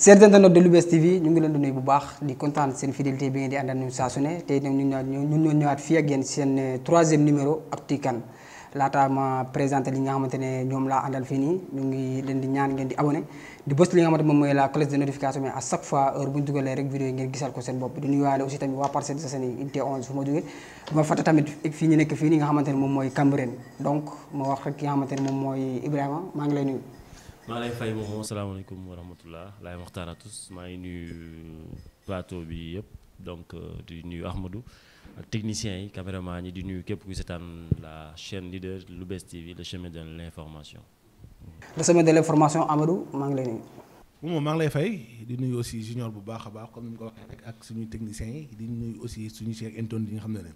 chers internautes de Lou'Bess TV ñu ngi leen di nuyu bu baax di kontaan seen fidélité bi ngeen di ànd ak ñun saa ne tey nag ñu ñun ñoo fii ak yéen seen euh, troisième numéro Actu Kan laata ma présenté li nga xamante ne ñoom laa àndal fii nii ñu ngi leen di ñaan ngeen di abonné di bës li nga xamante moom mooy la cloche de notification mais à chaque fois heure bu ñu dugalee rek vidéo yi ngeen gisal ko seen bopp di nuyuwaale aussi tamit waa Parcelles Assainies unité 11 fu ma moom mooy Cambérène donc ma maa ngi lay nuyu maa lay fay moom salaamaaleykum wa rahmatullah laay waxtaan ak maa ngi nuyu plateau bi yëpp donc euh, di nuyu Ahmadou ak techniciens yi caméraman ñi di nuyu képp ku seetaan la chaine leader Lou'Bess TV le chemin de l' information. le chemin de l' information maa ngi lay nuyu. moom maa ngi lay fay di nuyu aussi junior bu baax a baax comme ni mu ko waxee rek ak suñu techniciens yi di nuyu aussi suñu chef intone yi nga xam ne ne.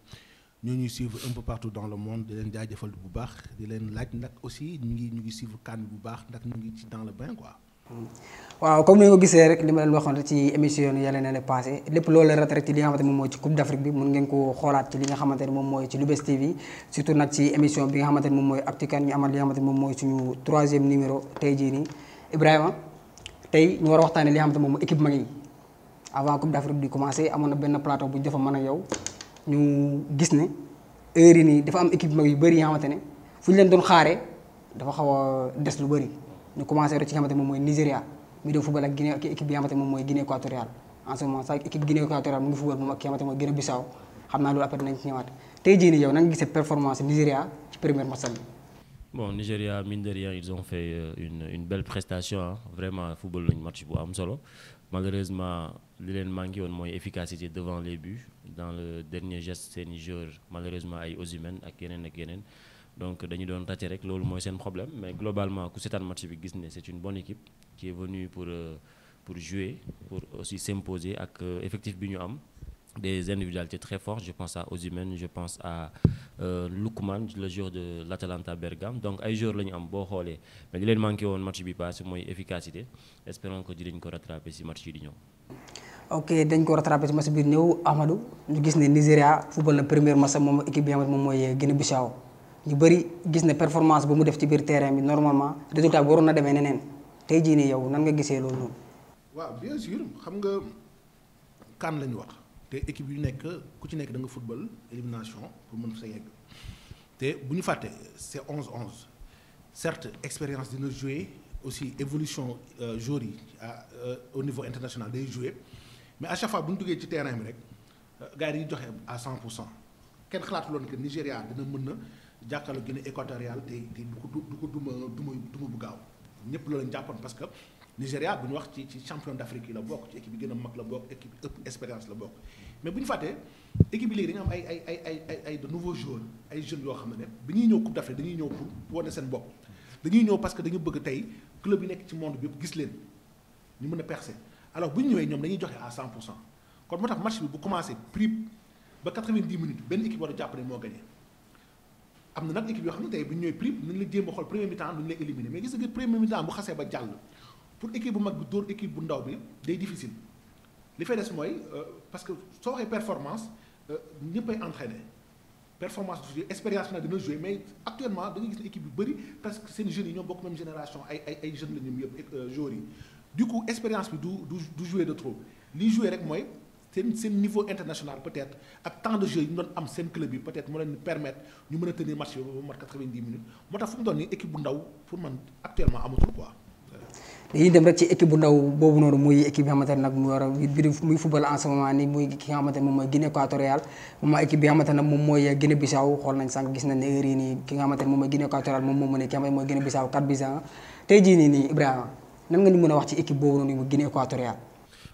ñoo ñuy suivre un peu partout dans le monde di leen jaajëfal bu baax di leen laaj nag aussi ñu ngi ñu ngi suivre kan bu baax ndax ñu ngi ci dans le bain quoi. waaw comme ni nga ko gisee rek li ma leen waxoon ci émission yi yàlla na leen passé lépp loolu la retraite ci li nga xamante moom mooy ci coupe d' bi mun ngeen ko xoolaat ci li nga xamante ne moom mooy ci Lou'Bess TV surtout nag ci émission bi nga xamante ne mooy Actu ñu amal li nga xamante ne mooy suñu troisième tey jii nii Ibrahima tey ñu war li nga xamante moom mooy équipe mag yi avant coupe d' afrique amoon na benn plateau bu ñu defa mën ñu gis ne heure yi nii dafa am équipe yu bëri yoo xamante ne fu ñu leen doon xaare dafa xaw a des lu bëri ñu commencé rek ci xamante moom mooy Nigéria mi doon moom mooy Guinée équatoriale en ce moment sax équipe Guinée jii nii yow nan nga gisee performance Nigéria ci première match bi. bon Nigéria ils ont fait euh, une une belle prestation ah vraiment football lañu match bu am solo. malheureusement li leen manqué woon mooy efficacité devant les buts dans le dernier geste seeni joueur malheureusement ay Osimhen ak yeneen ak yeneen donc dañu doon raté rek loolu mooy seen problème mais globalement ku seetaan match bi gis ne c'est une bonne équipe qui est venue pour euh, pour jouer pour aussi s'imposer ak euh, effectif bi ñu am des individualités très fortes. Je pense à Osimhen, je pense à euh, Lukman, le joueur de l'Atalanta Bergame. Donc, ay joueurs lañu am boo xoolee mais di leen manqué woon match bi passé mooy efficacité espérons que ko rattrapé si match yi di ñëw. ok dañ ko rattrapé si match biir ñëw Amadou ñu gis ne Nigéria football na première match moom équipe bi nga moom mooy Guinée-Bissau ñu bëri gis ne performance bu mu def ci biir terrain bi normalement résultat bi waroon na demee neneen tey jii nii yow nan nga gisee loolu noonu. xam nga kan lañu wax. te équipe yu nekk ku ci nekk danga nga football élimination pour mën sa yegg te bu ñu fàtte c' est onze onze certes expérience dina jouer aussi évolution euh, joueurs yi euh, au niveau international day jouer mais à chaque fois bu ñu duggee ci terrain bi rek euh, gars yi dañuy joxe à 100 pour cent kenn xalaatuloon que Nigéria dina mën na jàkkaarloo Guinée équatoriale te te du ko du ko duma duma duma bu gaaw ñëpp loolu lañ jàppoon parce Nigéria bu ñu wax ci ci champion d'Afrique yi la bokk ci équipe yi gën a mag la bokk équipe ëpp expérience la bokk mais bu ñu fàttee équipe yi léegi dañu am ay ay ay ay ay de ay jeunes ñuy ñëw coupe d'Afrique bëgg tey club yi nekk ci monde bi yëpp gis leen ñu mën a percer alors bu ñu ñëwee ñoom dañuy joxe à 100 pour cent kon moo tax match bi bu commencé prix ba 90 minutes benn équipe a jàpp ne yoo xam ne tey bu ñu ñëwee prix nañ la jéem a xool premier mi-temps duñu pour équipe bu mag bi dóor équipe bu ndaw bi day difficile li fay des mooy euh, parce que soo waxee performance euh, ñëppay entraîné performance du expérience bi nag dina joué que seen jeunes yi ñoom bokk même génération ay euh, bi du du du jouer de trop li joué rek mooy seen seen niveau international peut-être ak temps de jeu yi ñu doon am seen club yi peut-être moo leen permettre ñu a tenir match bi ba mat 90 minutes moo tax fu mu doon nii équipe bu ndaw pour man actuellement amatul quoi. dañuy dem rek ci équipe bu ndaw boobu noonu muy équipe bi xamante nag muy football en ce moment muy ki nga moom mooy Guinée équatoriale bi nga xamante moom mooy Guinée Bissau moom moom moo mën ne ki nga xamante ne mooy Guinée Bissau 4 buts à 1 tey jii nii nii nan nga ñu mën a wax ci équipe boobu noonu mu Guinée équatoriale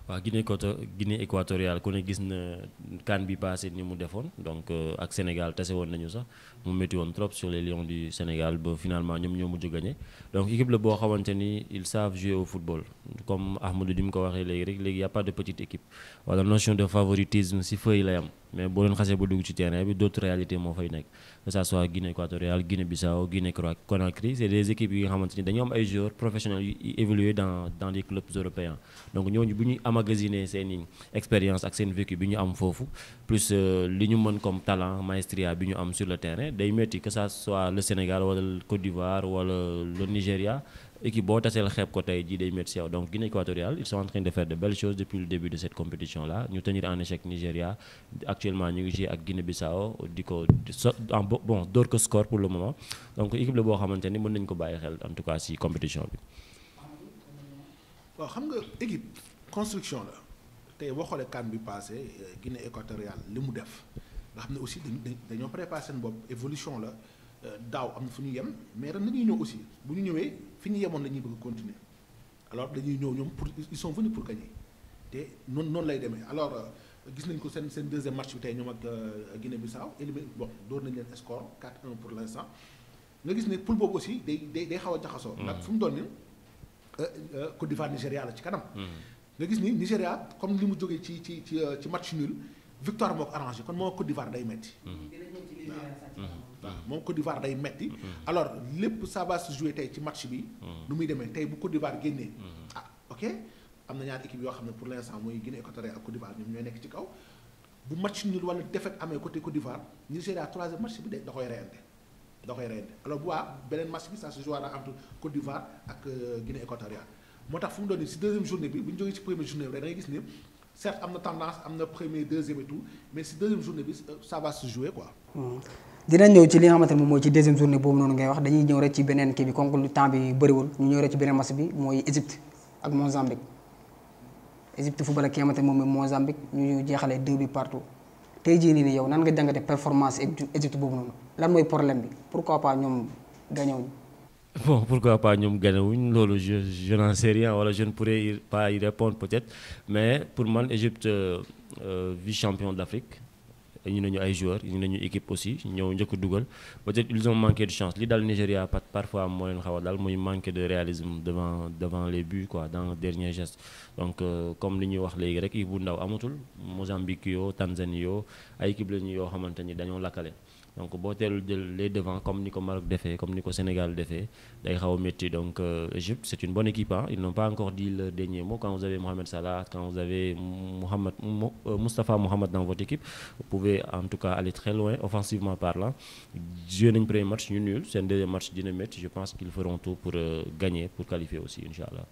waaw Guinée coto Guinée équatoriale ku ne gis na CAN bi passé ni mu defoon donc euh, ak Sénégal tase woon nañu sax mu métti woon trop sur les lions du Sénégal ba finalement ñoom ñoo mujj gagné donc équipe la boo xamante ni ils savent jouer au football comme Ahmadou di mu ko waxee léegi rek léegi y' a pas de petite équipe wala notion de favoritisme si feuille lay am. mais boo leen xasee ba dugg ci terrain bi d' autres réalités moo fay nekk que ça soit Guinée équatoriale Guinée Bissau Guinée Conakry c' est des équipes yi nga xamante ni dañoo am ay joueurs professionnels yu évolué dans des clubs européens donc ñooñu bu ñuy amagasiner seen expérience ak seen vécu bi ñu am foofu plus euh, li ñu mën comme talent maestria bi ñu am sur le terrain day métti que ça soit le Sénégal wala Côte d'Ivoire wala le Nigéria. équipe boo taseel xeeb ko tey jii day métti si donc Guinée équatoriale ils sont en de faire de belles choses depuis le début de cette compétition là ñu tenir en échec Nigéria actuellement ñu ngi joué ak Guinée Bissau di so door ko score pour le moment donc équipe la boo xamante ni mën nañ ko bàyyi xel en tout cas si compétition bi. waaw xam nga équipe construction la tey boo xoolee CAN bi passé euh, Guinée équatoriale li mu def nga xam ne aussi dañoo préparé seen bopp évolution la euh, daaw am fu ñu yem mais ren nañuy bu ñu ñëwee. fi ñu yemoon la ñuy bëgg continuer alors dañuy ñëw ñoom pour ils sont venus pour gagner te noonu noonu lay demee alors euh, gis nañ ko seen seen deuxième match bi tey ñoom ak euh, Guinée Bissau éliminé bon door nañ leen score 4-1 pour l' instant nga gis ne poule boobu aussi day day day xaw a jaxasoo. Mm. ndax fu mu doon nii euh, Côte d'Ivoire Nigéria la ci kanam. Mm. nga gis ni Nigéria comme li mu jógee ci ci ci ci match nul victoire moo ko arrangé kon moo Côte d'Ivoire day metti. Mm. Ah. moom Côte d'Ivoire day metti mm-hmm. alors lépp ça va se jouer ci match bi. Mm-hmm. nu muy demee tey bu Côte d'Ivoire génnee. Mm-hmm. ah ok am na ñaar équipe yoo xam ne pour l' instant mooy Guinée équatoriale ak Côte d'Ivoire ñoom ñooy nekk ci kaw bu match nul wala défaite amee côté bi de da koy reyante da koy reyante alors bu waa beneen match bi ça se jouera entre Côte d'Ivoire ak euh, Guinée équatoriale moo tax fu mu doon si deuxième journée bi bu ñu jógee ci première journée bi rek da ngay gis ni. certes am na tendance dina ñëw ci li nga xamante ne moom mooy ci deuxième journée boobu noonu ngay wax dañuy ñëw rek ci beneen kii bi comme que temps bi bëriwul ñu ñëw rek ci beneen match bi mooy Égypte ak Mozambique Égypte football ak ki nga xamante ne moom mooy Mozambique ñu jeexalee deux bi partout tey jii nii nii yow nan nga jàngate performance Égypte boobu noonu lan mooy problème bi pourquoi pas ñoom gañewuñ bon pourquoi pas ñoom ganewuñ loolu je je n'en sais wala jeune ne pourrais pas y répondre peut-être pour man Égypte euh, euh, vice champion de l'Afrique ñu nañu ay joueurs ñu nañu équipe aussi ñëw njëkk dugal peut-être ils ont manqué de chance li daal Nigéria par parfois moo leen xaw a daal muy manqué de réalisme devant devant les buts quoi dans le dernier geste donc euh, comme li ñuy wax léegi rek équipe bu ndaw amatul Mozambique yoo Tanzanie yoo ay équipe la ñu yoo xamante ni dañoo lakkale donc boo teelul jël les devants comme ni ko Maroc defee comme ni ko Sénégal defee day xaw a donc euh, Égypte c' est une bonne équipe ah ils n'ont pas encore dit le dernier mot quand vous avez Mohamed Salah quand vous avez Mohamed euh, Moustapha Mohamed dans votre équipe vous en tout cas aller très loin offensivement parlant joué nañ premier match ñu nul seen deuxième match dina métti je pense qu'ils feront tout pour euh, gagner pour qualifier aussi incha allah.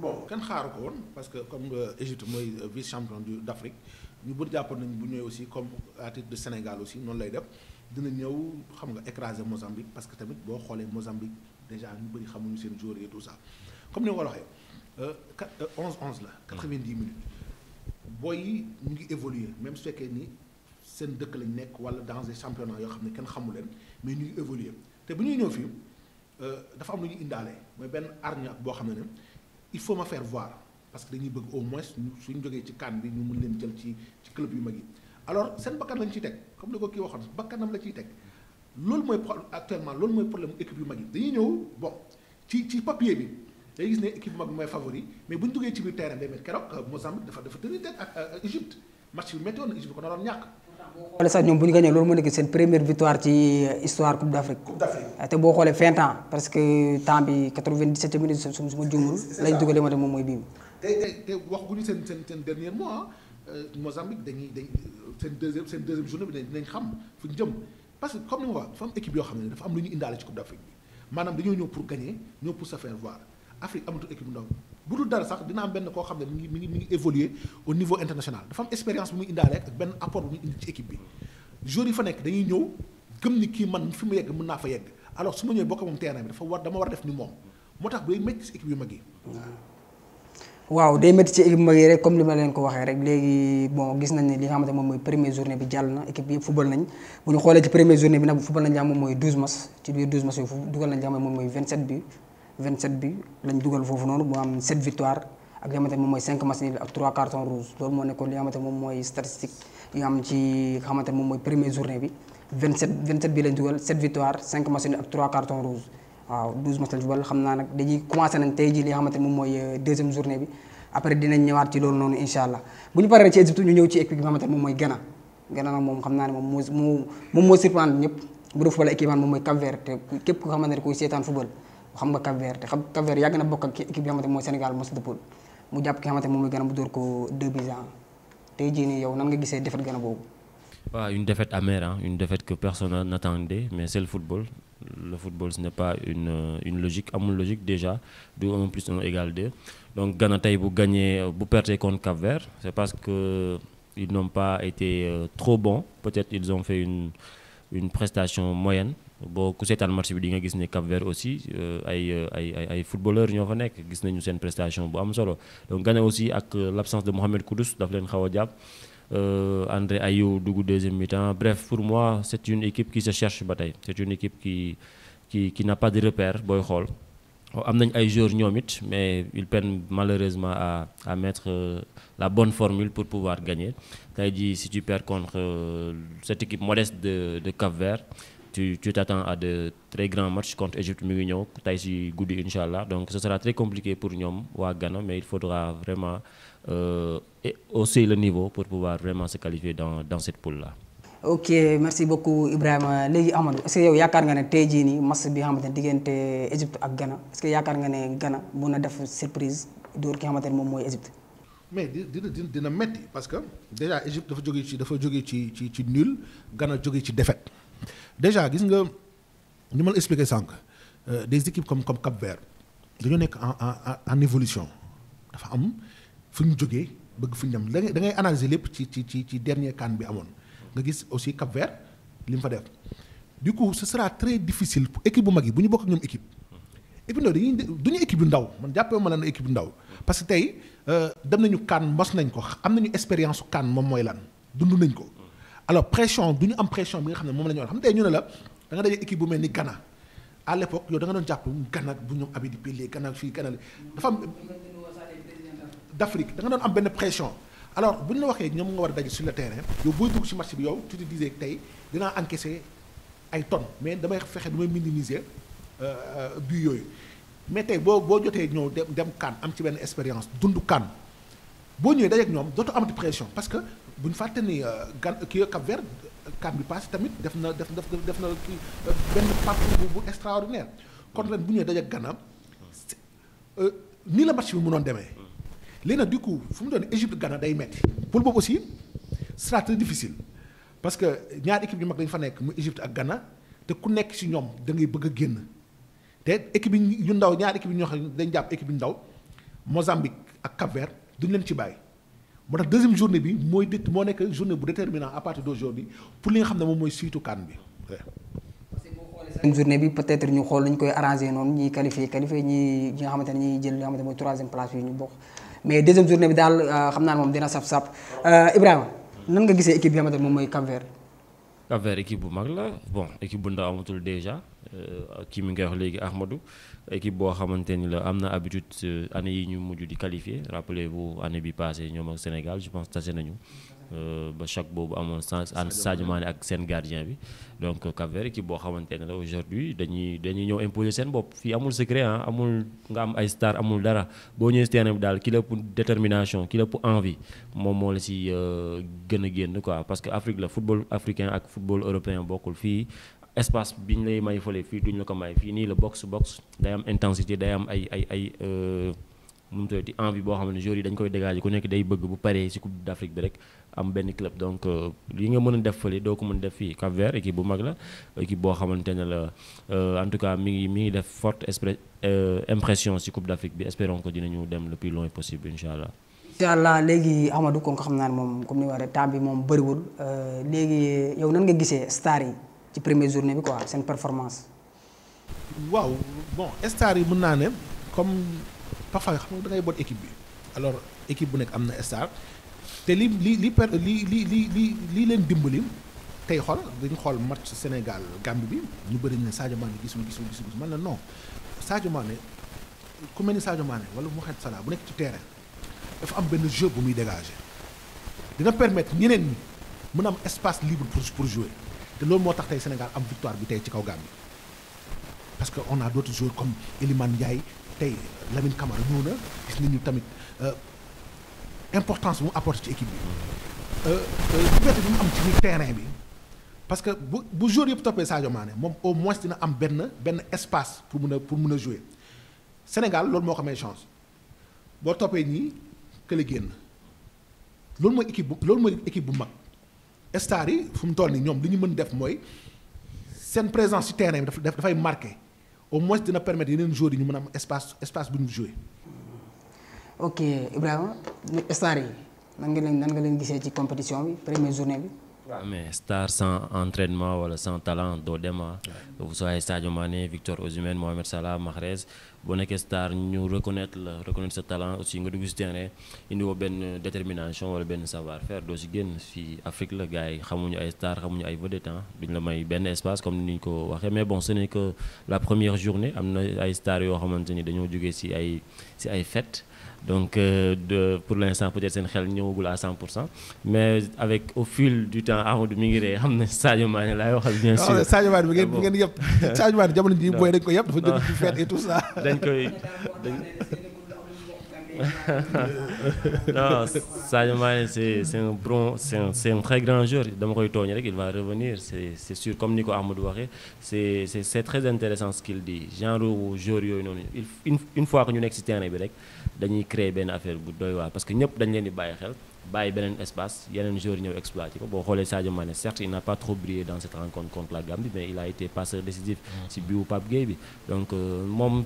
boo kenn xaaru ko woon parce que comme Égypte mooy euh, vice champion du d' ñu bëri jàppoon nañu bu ñëwee aussi comme à titre de Sénégal aussi noonu lay def dina ñëw xam nga écraser Mozambique parce que tamit boo xoolee Mozambique déjà ñu bëri xamuñu seen joueur et tout ça comme ni ma ko waxee kat 11 11 la. 90 minutes booy yi ñu ngi évoluer même su fekkee ni seen dëkk lañ nekk wala dans des yoo xam ne kenn xamu leen mais ñu ngi te bu ñuy ñëw fii euh, dafa am lu indaale mooy benn arña boo xam il faut ma faire voir parce que dañuy bëgg au moins suñu jógee ci kan bi ñu mën leen jël ci ci club yu mag yi alors seen bakkan lañ ciy teg comme ni ko kii waxoon bakkanam la ciy teg loolu mooy actuellement loolu mooy problème équipe yu mag yi dañuy ñëw bon ci ci papier bi day gis ne équipe bu mag bi mooy favori mais bu ñu duggee ci biir terrain day mel keroog euh, Mozambique dafa dafa tenir tête ak euh, Égypte match bi météo na Égypte ko naroon ñàkk xoolee sax ñoom bu ñu gagné loolu moo nekk seen première victoire ci histoire Coupe d'Afrique. Coupe ah, te boo xoolee vingt ans parce que temps bi quatre-vingt-dix-sept minutes su ma juumul. lañ dugalee ma ne moom mooy bii. te te waxuñu seen seen dernier mois euh, Mozambique dañuy dañ seen deuxième journée bi dinañ xam fu ñu jëm parce que comme ni ma wax dafa am équipe yoo xam ne dafa am lu ñu indaale ci Coupe d'Afrique bi maanaam dañoo ñëw pour gagner ñëw pour bu dul dara sax dina am benn koo xam ne mi ngi mi ngi mi évoluer au niveau international dafa am expérience bu muy indaale ak benn apport bu muy indi ci équipe bi joueurs yi fa nekk dañuy ñëw gëm ni kii man fi mu yegg mën naa fa yegg alors su ma mag yi waaw day métti ci équipe mag yi rek comme li ma leen ko waxee rek léegi bon gis nañ li nga xamante mooy première journée bi jàll na équipe bi football nañ bu ñu xoolee ci première journée bi nag football nañ li xam mooy 12 matchs ci 27 bi lañ dugal foofu noonu mu am 7 victoire ak li nga xamante ne moom mooy 5 match ak 3 carton rouge loolu moo nekkoon li xamante ne mooy statistique yi am ci xamante ne moom mooy première deuxième journée bi après dinañ ñëwaat ci loolu noonu incha allah bu ñu paree ci Égypte ñu ñëw ci équipe bi xamante ne mooy Ghana Ghana moom xam naa ne moom moo moo moom moo surprendre ñëpp bu dee football équipe am moom mooy Cap Vert képp koo xamante kuy seetaan football xam nga Cap Vert te xam Cap Vert yàgg na bokk ak équipe bi xamante mooy Sénégal match de poule mu jàpp ki xamante moom mooy Ghana mu dóor ko 2 buts tey jii nii yow nan nga gisee défaite Ghana boobu. waaw une défaite amère hein une défaite que personne n'attendait mais c'est le football le football ce n'est pas une une logique amul logique déjà du 1 plus 1 égale 2 donc Ghana tey bu gagné bu perte contre Cap Vert c'est parce que ils n'ont pas été euh, trop bons peut-être ils ont fait une prestation moyenne. boo ku seetaan match bi di nga gis ne Cap Vert aussi euh, euh, ay ay ay ñoo fa nekk gis nañu seen prestation bu am solo donc Ghana aussi ak euh, l' absence de Mohamed Kudus daf leen xaw a jàpp André Ayew dugg deuxième mi-temps bref pour moi cet est une équipe qui se cherche ba tey c' est une équipe ki qui qui n'a pas de repère booy xool am nañ ay joueurs ñoom it mais ils peinent malheureusement à à mettre la bonne formule pour pouvoir gagner tey ji si tu perds contre cette de de Cap tu tu t'attends à de très grands matchs contre Égypte mi ngi ñëw tey si guddi incha allah donc ce sera très compliqué pour ñoom waa Ghana mais il faudra vraiment euh, hausser le niveau pour pouvoir vraiment se qualifier dans dans cette poule là. ok merci beaucoup Ibrahima léegi Amadou est-ce que yow yaakaar nga ne tey jii nii match bi nga xamante ne diggante Égypte ak Ghana est-ce que yaakaar nga ne Ghana mun na def surprise dóor ki nga moom mooy Égypte. mais dina metti parce que déjà ci ci ci ci nul Ghana jógee déjà gis nga ni ma la expliqué sànq euh, des équipes comme comme Cap Vert dañoo nekk en en en évolution dafa am fu ñu jógee bëgg fu ñu dem da ngay da ngay analyser lépp ci ci ci ci dernier CAN bi amoon nga gis aussi Cap Vert li mu fa def du coup ce sera très difficile pour équipe bu mag yi bu ñu bokk ak ñoom équipe. équipe ndaw dañuy du ñu équipe yu ndaw man jàppee ma leen équipe ndaw parce que tey euh, dem nañu CAN mos nañ ko am nañu expérience su CAN moom mooy lan dund nañ ko. alors pression du ñu am pression bi nga xam ne moom la ñu war xam tey ñu ne la da nga équipe bu mel ni Ghana à l'époque yow da doon jàpp Ghana bu ñoom Habib Pelé Ghana fii Ghana dafa am d'Afrique da nga doon am benn pression alors bu ñu la waxee ñoom nga war a daje sur le terrain yow booy dugg ci match bi yow tu te disais tey dinaa encaisser ay tonnes mais damay fexe damay minimiser euh, euh, bu yooyu mais tey boo boo jotee ñëw dem dem kan am ci benn expérience dund kan boo ñëwee dajeeg ñoom dootu amati pression parce que bu ñu fàtte ni euh, gan ki Cap Vert kan bi passé tamit def na def na def na kii euh, benn parcours bu bu extraordinaire kon leen bu ñëwee daje Gana euh, nii la match bi mënoon demee. léegi nag du fu mu doon Égypte Gana day metti pour boobu aussi sera très difficile parce que ñaari équipe yu mag dañ fa nekk mu Égypte ak Gana te ku nekk ci ñoom da bëgg a génn te équipe yi ñu ndaw ñaari équipe yi ñoo xam ne dañ jàpp équipe ndaw Mozambique ak Cap Vert duñ leen ci bàyyi. moo tax deuxième journée bi mooy dét moo nekk journée bu déterminant à partir d'aujourd'hui pour li nga xam ne moom mooy siitu kan bi. seen journée bi peut-être ñu xool ñu koy arrangé noonu ñiy qualifié qualifié ñi ñi nga xamante ne ñiy jël li nga xamante mooy troisième place yi ñu bokk mais deuxième journée bi daal euh, xam naa ne moom dina saf-saf euh, Ibrahima nan nga gisee équipe bi xamante ne moom mooy Cap Vert. Cap équipe bu mag la bon équipe bu ndaw amatul déjà. Euh, kii mi ngay wax léegi Ahmadou équipe boo xamante ni la am na habitude euh, année yi ñu mujj di qualifier rappelez-vous année bi passé ñoom ak Sénégal je pense tase nañu euh, ba choc boobu amoon sans an Sadio ak seen gardien bi donc Cap Vert boo xamante ne la aujourd'hui dañuy dañuy ñëw imposer seen bopp fii amul secret ah amul nga am ay star amul dara boo ñëwee si terrain bi daal ki la pour détermination ki la pour envie moom moo la si gën a génn quoi parce que Afrique la football africain ak football européen bokkul fii espace bi ñu lay may fële fii duñ la ko may fii nii la box box day am intensité day am ay ay ay euh, nu mu tuddati envie boo xam bi rek am benn club euh, la équipe boo euh, mi ngi mi ngi def forte expré impression ci coupe d'Afrique bi espérons que dinañu dem le plus loin possible naa ne moom comme ni ma waxee temps bi moom bëriwul léegi yow nan nga gisee star yi. ci première journée bi quoi seen performance. waaw bon star yi mun naa ne comme parfois xam nga da boot équipe bi alors équipe bu nekk am na star te li lii li per li li li li leen dimbali tey xool dañu xool match Sénégal Gambie bi ñu bëri ne Sadio Mané gisul gisul gisul man na non Sadio Mané ku mel ni Sadio Mané wala Mohamed bu nekk ci terrain dafa am benn jeu bu muy dégager dana permettre ñeneen ñi mën a am espace libre pour pour jouer. te loolu moo tax tey Sénégal am victoire bi tey ci kaw Gambie parce que on a d'autres joueurs comme Iliman Ndiaye tey Lamine Camara ñëw na gis ñu tamit euh, importance bu mu apporte ci équipe bi euh, euh, liberté bi mu am ci terrain bi parce que bu bu joueur yëpp toppee Sadio maane moom au moins dina am benn benn espace pour mun a pour mun a jouer Sénégal loolu moo ko may chance boo toppee nii kële génn loolu mooy équipe bu loolu mooy équipe bu mag. stars yi fu mu toll nii ñoom li ñu mën def mooy seen présence ci terrain bi dafay marqué au moins dina permettre yeneen joueurs yi ñu mën a am espace espace bu ñu jouer. ok Ibrahima stars yi nan nga leen nan leen gisee ci compétition bi première journée bi. waaw mais star sans entraînement wala sans talent doo dem ah. que vous soyez Sadio Mané Victor Osimhen Mohamed Salah Mahrez. boo nekkee star ñu reconnaître la reconnaître sa talent aussi nga dugg si terrain indi woo benn détermination wala benn savoir faire doo si génn fii Afrique la gars xamuñu ay star xamuñu ay vedette ah. duñ la may benn ni ñu ko waxee mais am na star yoo xamante dañoo jógee si ay si ay fête donc euh, de, pour l'instant peut-être seen xel ñëwagul pour cent mais avec au fil du temps Amadou mi ngi ree xam ne Sadio Mané laay waxal bien ah, sûr Sadio Mané bi ngeen ah, bi ngeen yëpp Sadio Mané ji booy dañ ko yëpp dafa jóg dañ koy dañ. non Sadio Mané c'est c'est un bon c'est un c'est un très grand joueur dama koy tooñ rek il va revenir c'est c'est comme ni ko Amadou waxee c'est c'est c'est très intéressant ce qu'il dit genre joueur yooyu noonu une une fois que ñu nekk ci terrain bi rek dañuy créer benn affaire bu doy waar parce que ñëpp dañ leen di bàyyi xel. bàyyi beneen espace yeneen joueurs ñëw exploité ko boo xoolee Sadio Mané certes il n'a pas trop brillé dans cette rencontre contre la Gambie mais il a été passeur décisif si mm. biwu Pape bi donc euh, moom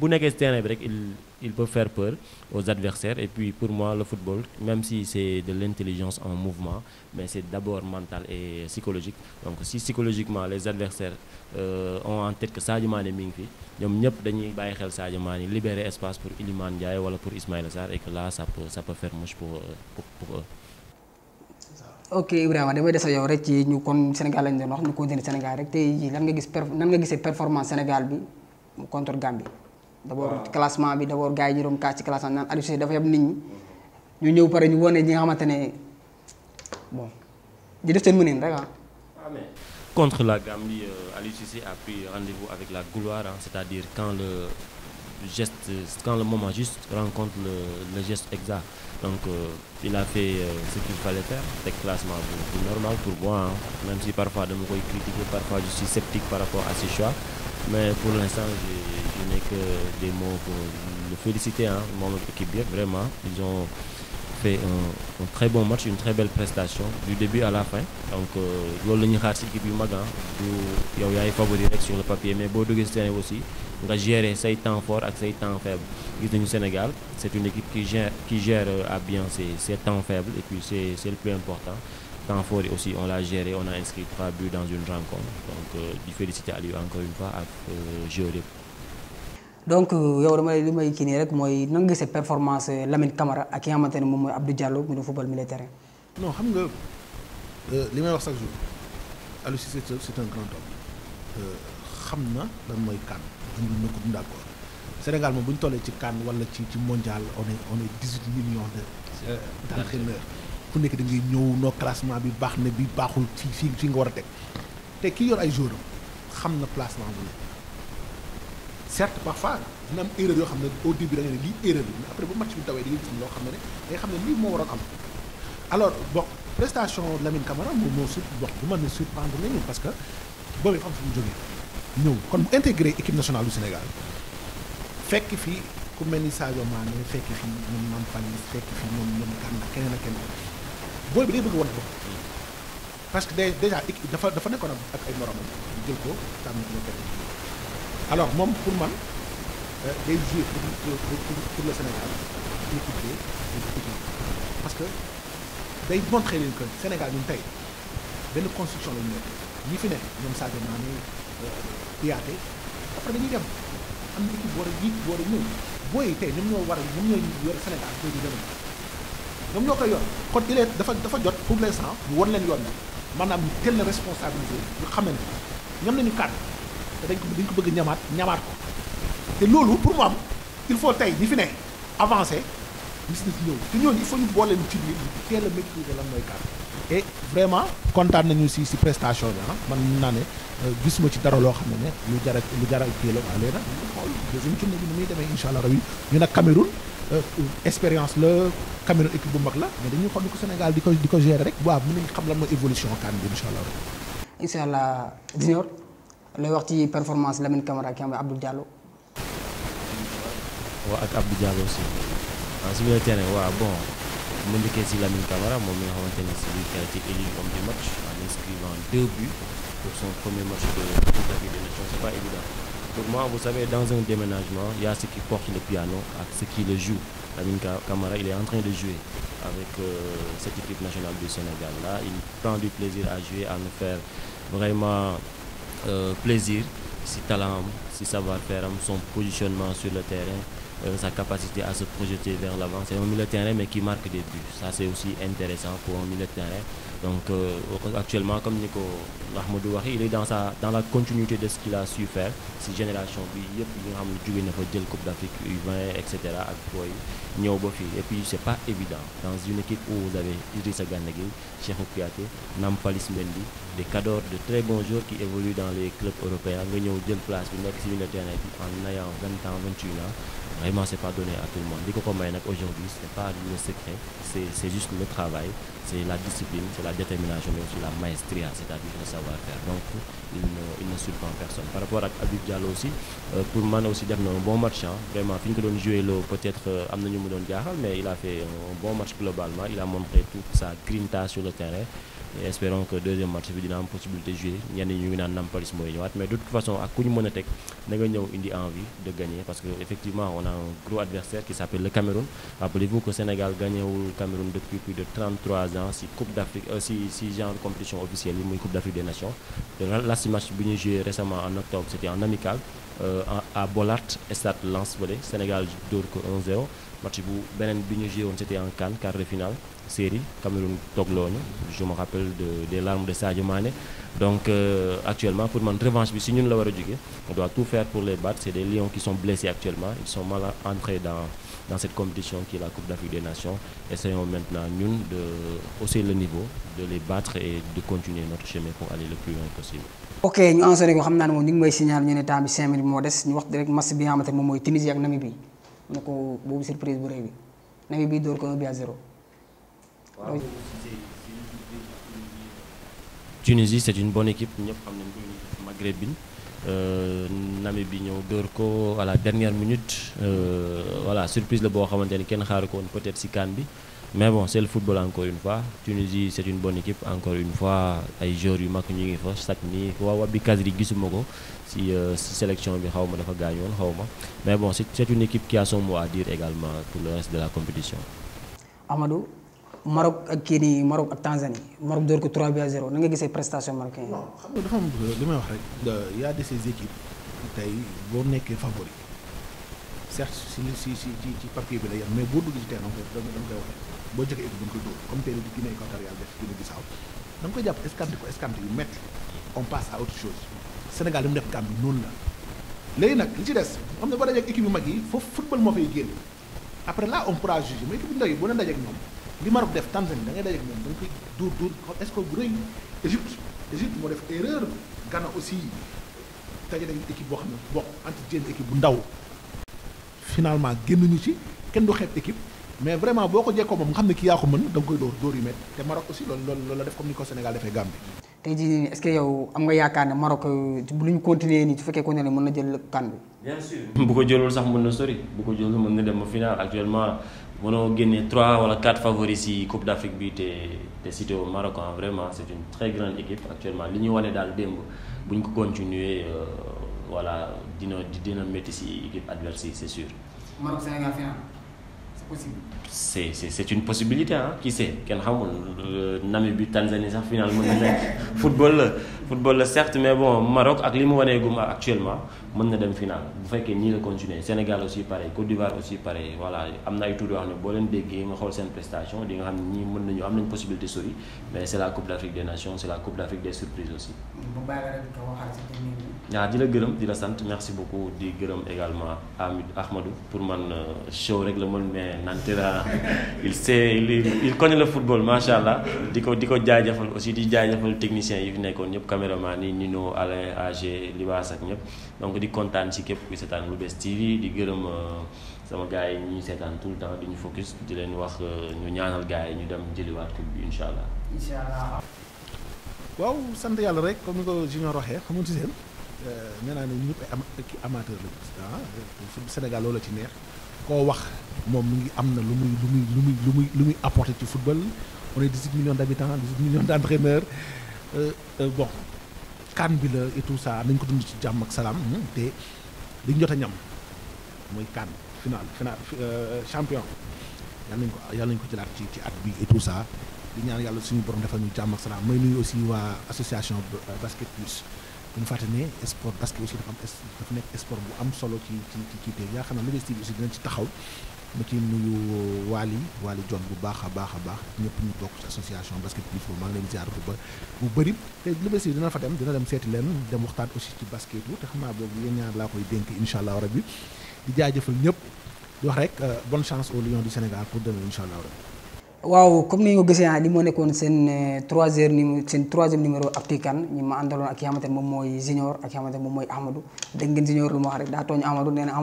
bu nekkee si bi rek il il peut faire peur aux adversaires. Et puis pour moi, le football, même si c'est de l'intelligence en mouvement, mais c'est d'abord mental et psychologique. Donc si psychologiquement les adversaires euh, ont en tête que Sadio Mané mi ngi fi ñoom ñëpp dañuy bàyyi xel Sadio Mané libérer espace pour Iliman Ndiaye wala pour Ismaïla Sarr et que là ça peut ça peut faire pour pour pour eux. damay des yow rek ci ñu kon Sénégal lañ doon wax ñu continuer Sénégal rek nga gis per nan nga gisee performance Sénégal bi contre d' abord classement bi d' abord gars yi ñu room kaas ci classement naan Aliou dafa yab nit ñi ñu ñëw pare ñu wane ñi xamante ne bon di def seen mëneen rek ah. Ah, contre la Gambie euh, Aliou Cissé a pris rendez-vous avec la gloire c'est-à-dire quand le geste quand le moment juste rencontre le, gest geste exact donc euh, il a fait euh, ce qu'il fallait faire c'est classement bu normal pour moi même si parfois dama koy critiquer parfois je sceptique par rapport à ses choix mais pour l'instant je, je n'ai que des mots pour le féliciter hein membre de bi vraiment ils ont fait un, un très bon match une très belle prestation du début à la fin donc euh, loolu la ñuy xaar ci équipe yu mag du yow yaay favori rek sur le papier mais boo duggee ci aussi nga gérer say temps fort ak say temps faible gis nañu Sénégal c'est une équipe qui gère qui euh, à bien ses temps faibles et puis c'est c'est le plus important temps fort aussi, on l'a géré, on a inscrit trois buts dans une rencontre. Donc, euh, di féliciter Aliou encore une fois ak jeu donc euh, yow dama li may kii nii rek mooy nan nga gisee performance euh, Lamine Camara ak ki nga xamante ne moom mooy Abdou Diallo mu ne football militaire. non xam nga li may wax chaque jour Aliou Cissé c'est un grand homme xam na la mooy CAN dund na ko dund d'accord Sénégal moom tollee ci CAN wala ci ci mondial on dix huit millions de. d'entraîneurs fu nekk da ñëw noo classement bi baax na bi baaxul fii fii fii nga war a teg te kii yor ay jouram xam na placement bu ne certes parfois dina am erreur yoo xam ne au bi da ne lii erreur bi mais après bu match bi dawee da ngay gis loo xam ne da nga xam ne lii moo waroon am alors bokk prestation Lamine Camara moom moo sur bokk bu mën ne surprendre nañu parce que boobu dafa am mu jógee ñëw kon bu intégré équipe nationale du Sénégal fekk fii ku mel ni Sadio Mané fekk fii ñoom Nampalys fekk fii ñoom ñoom Kanda keneen ak booy bi day bëgg wan bopp hmm. parce que déjà équipe dafa dafa nekkoon ak ay moromam jël ko tànn ñoo kenn alors moom pour man euh, day jouer pour pour le Sénégal parce que day montré leen que Sénégal ñun tey benn construction la ñu nekk ñi fi nekk ñoom Sadio Mané Diaté euh, après dañuy dem am na équipe boo war a jiit boo war a ñëw booy tey ñoom ñoo war a ñoom ñooy yor Sénégal booy bi ñoom ñoo koy yor kon il dafa dafa jot pour l'instant ñu won leen yoon bi maanaam ñu teel na responsabilité ñu xam ne ñoom nañu kàddu te dañ ko dañ ko bëgg ñamaat ñamaat ko te loolu pour mu am il faut tey ñi fi ne avancé gis na ci ñëw te ñooñu il faut ñu boole ci biir ñu teel a maîtriser lan mooy kàddu et vraiment kontaan nañu si si prestation bi ah man mun naa ne euh, gisuma ci dara loo xam ne ne lu jar a lu jar a kii la xool deuxième tournée bi muy demee incha allah yi ñu nag Cameroun Euh, expérience la Cameroun équipe bu mag la mais dañuy xool ni ko Sénégal di ko di ko gérer rek waaw mën nañu xam lan mooy évolution CAN bi incha allah. junior lay wax ci performance Lamine Camara ki am Abdou Diallo. waaw ak Abdou Diallo aussi ah su ñu terrain bon mu njëkkee si Lamine Camara moom mi nga xamante ne si biir qualité élu homme du match en inscrivant deux buts pour son premier match de Coupe d'Afrique des pas évident. Pour moi, vous savez, dans un déménagement, il y a ceux qui portent le piano et ceux qui le jouent. Lamine Camara, il est en train de jouer avec euh, cette équipe nationale du Sénégal. Là, il prend du plaisir à jouer, à nous faire vraiment euh, plaisir. Si talent, si savoir-faire, son positionnement sur le terrain, euh, sa capacité à se projeter vers l'avant. C'est un milieu de terrain, mais qui marque des c'est aussi intéressant pour un milieu terrain. donc euh, actuellement comme ni ko ndax Ahmadou waxee il est dans sa dans la continuité de ce qu'il a su si génération bi yëpp yi nga xam ne jóge na fa jël Coupe d'Afrique U20 et ak booy ñëw ba fii et puis c'est pas évident dans une équipe où vous avez Idrissa Gana Gueye Cheikhou Kouyaté Nampalys Mendy des cadors de très bons joueurs qui évoluent dans les clubs européens nga ñëw jël place bi nekk si milieu terrain bi en ayant 20 ans 21 ans Vraiment, c'est pas donné à tout le monde. Nikoko Maïnak aujourd'hui, ce n'est pas le secret, c'est juste le travail, c'est la discipline, c'est la détermination, mais aussi la maestria, c'est-à-dire le savoir-faire. Donc, il ne, il personne. Par rapport à Abib aussi, euh, pour moi aussi, il a un bon match. Hein. Vraiment, fin que l'on jouait, peut-être Amna euh, mais il a fait un bon match globalement. Il a montré toute sa grinta sur le terrain. et espérons que deuxième match possibilité jouer ñenn ñu ngi naan Nampalys mooy ñëwaat mais de toute façon ak ku ñu mën a teg na nga ñëw indi envie de gagner parce que effectivement on a un gros adversaire qui s'appelle le Cameroun rappelez-vous que Sénégal gagnewul Cameroun depuis plus de 33 ans si Coupe d'Afrique euh, si genre compétition officielle bi muy Coupe d'Afrique des Nations last bi ñu joué récemment en octobre c'était en amical euh, à Bollard Stade Lens Sénégal match bu beneen bi ñu joué woon c'était en CAN quart de finale série Cameroun toogloo na je rappelle des larmes de Sadio donc euh, actuellement pour man revanche bi si ñun la war a jóge on doit tout faire pour les battre c'est des lions qui sont blessés actuellement ils sont mal entrés dans cette compétition qui la Coupe d'Afrique des Nations essayons maintenant ñun de hausser le niveau de les battre et de continuer notre chemin pour aller le plus loin possible. mu ne ko boobu surprise bu rëy bi nawet bii door ko 1 bi à 0. waaw c'est une bonne équipe ñëpp xam nañ ko équipe maghrébine euh, bi ñëw dóor ko à la dernière minute euh, voilà surprise la boo xamante ni kenn xaaru ko woon peut si CAN bi. mais bon c'est le football encore une fois Tunisie c'est une bonne équipe encore une fois ay joueurs yu mag ñu ngi fa sat ni waa Wabi Kazri gisuma ko si euh, si bi xaw ma dafa gaañoon xaw ma mais bon c'est une équipe qui a son également pour le reste de la compétition. Amadou Maroc ak kii nii Maroc ak Tanzanie Maroc door ko 3 bi à 0 na nga gisee prestation marocain yi. waaw xam nga dafa am rek. y a de ces équipes tey boo nekkee si si si ci papier bi la mais boo dugg ci terrain da nga koy waxee. boo jógee équipe dañ koy dóor comme tey di Guinée équatoriale def Guinée koy jàpp escanté ko escanté yu métti on passe à autre chose Sénégal li mu def Gambie noonu la léegi nag li ci des xam ne boo dajee ak équipe yu mag yi foofu football moo fay génn après là on pourra juger mais équipe yu ndaw yi boo leen dajee ak ñoom li Maroc def Tanzanie da ngay dajee ak ñoom da nga koy dóor dóor est bu rëy Égypte Égypte moo def erreur Ghana aussi daje nañu équipe boo xam ne bokk entre jéem bu ndaw finalement génn ñu ci kenn du xeeb équipe mais vraiment boo ko jekkoo moom nga xam ne kii yaa ko mën da koy dóor dóor yu métti te Maroc aussi loolu loolu la def comme Sénégal defee Gambie. tey jii est-ce que am nga yaakaar ne Maroc bu ñu continuer nii su fekkee ko ne mën na jël kan bi. bu ko jëlul sax mun na sori bu ko jëlul mën na dem ba final actuellement mënoo génne trois wala quatre favoris yi Coupe d'Afrique bi te te cité au vraiment c'est une très grande équipe actuellement li ñu wane daal démb bu ñu ko continuer euh, voilà dina dina métti si équipe adverse yi c'est possible. c'est c'est c'est une possibilité ah qui sait kenn xamul euh, Namibie Tanzanie sax final mën na nekk football la. football la certes mais bon Maroc ak li mu wanee gum actuellement mën na dem final bu fekkee nii la continuer Sénégal aussi pareil Côte d'Ivoire aussi pareil voilà am na ay tour yoo xam ne boo leen déggee nga xool seen prestation di nga xam ne ñii mën nañu am nañ possibilité sori mais c'est la Coupe d'Afrique des Nations c'est la Coupe d'Afrique des surprises aussi. waaw di la gërëm di la sant merci beaucoup di gërëm également Amid Ahmadou pour man euh, show rek la mën mais nantera il sait il connaît le football macha allah di ko di ko jaajëfal aussi di jaajëfal yi fi nekkoon ñëpp caméraman yi Nino Alain AG Libaas ak ñëpp donc di kontaan ci képp kuy seetaan Lou'Bess TV di gërëm euh, sama gars yi ñuy seetaan tout le temps di ñu focus di leen wax euh, ñu ñaanal gars yi ñu dem jëliwaat coupe bi incha allah. incha allah. waaw sant yàlla rek comme ni ko Junior waxee xamuñu si seen euh, nee naa ne ñu ñëpp ay amateur ah, la ah loola ci neex koo wax moom mu ngi am na lu muy lu muy lu muy lu ci football on est 18 millions d' habitants 18 millions Euh, euh, bon kan bi la et tout nañ ko dund ci jàmm ak salaam hmm, te liñ jot a ñam mooy kan final final euh, champion yàlla nañ ko yàlla ko jëlaat ci ci at bi et tout ça yàlla suñu borom defal ñu jàmm ak salaam may nuyu aussi waa association basket plus bu ñu fàtte ne sport basket aussi dafa am nekk sport bu am solo ci ci ci tey yaa xam ne Levi's TV aussi dinañ ci taxaw ma ci nuyu euh, Waly Waly John bu baax a baax a baax ñëpp ñu bokk ci association basket bu ba bu bëri te lu bees yi dina fa dem dina dem seeti leen dem waxtaan aussi ci basketu te xam boobu yéen ñaar laa koy dénk incha allah ñëpp di wax rek euh, bonne chance au Lions du Sénégal pour demain incha allah rabi. waaw comme ni ñu gisee ah li moo nekkoon euh, seen troisième numéro seen troisième numéro Actu Kan ñi ma àndaloon ak ki moom mooy junior ak ki moom mooy Amadou dégg ngeen junior lu ma wax rek daa tooñ Amadou nee na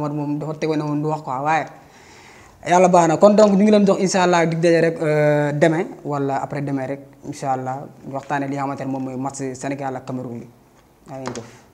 yàlla baax na kon donc ñu ngi leen jox incha allah dig daje rek euh, demain wala après demain rek incha allah waxtaanee li nga xamante moom mooy match Sénégal ak Cameroun bi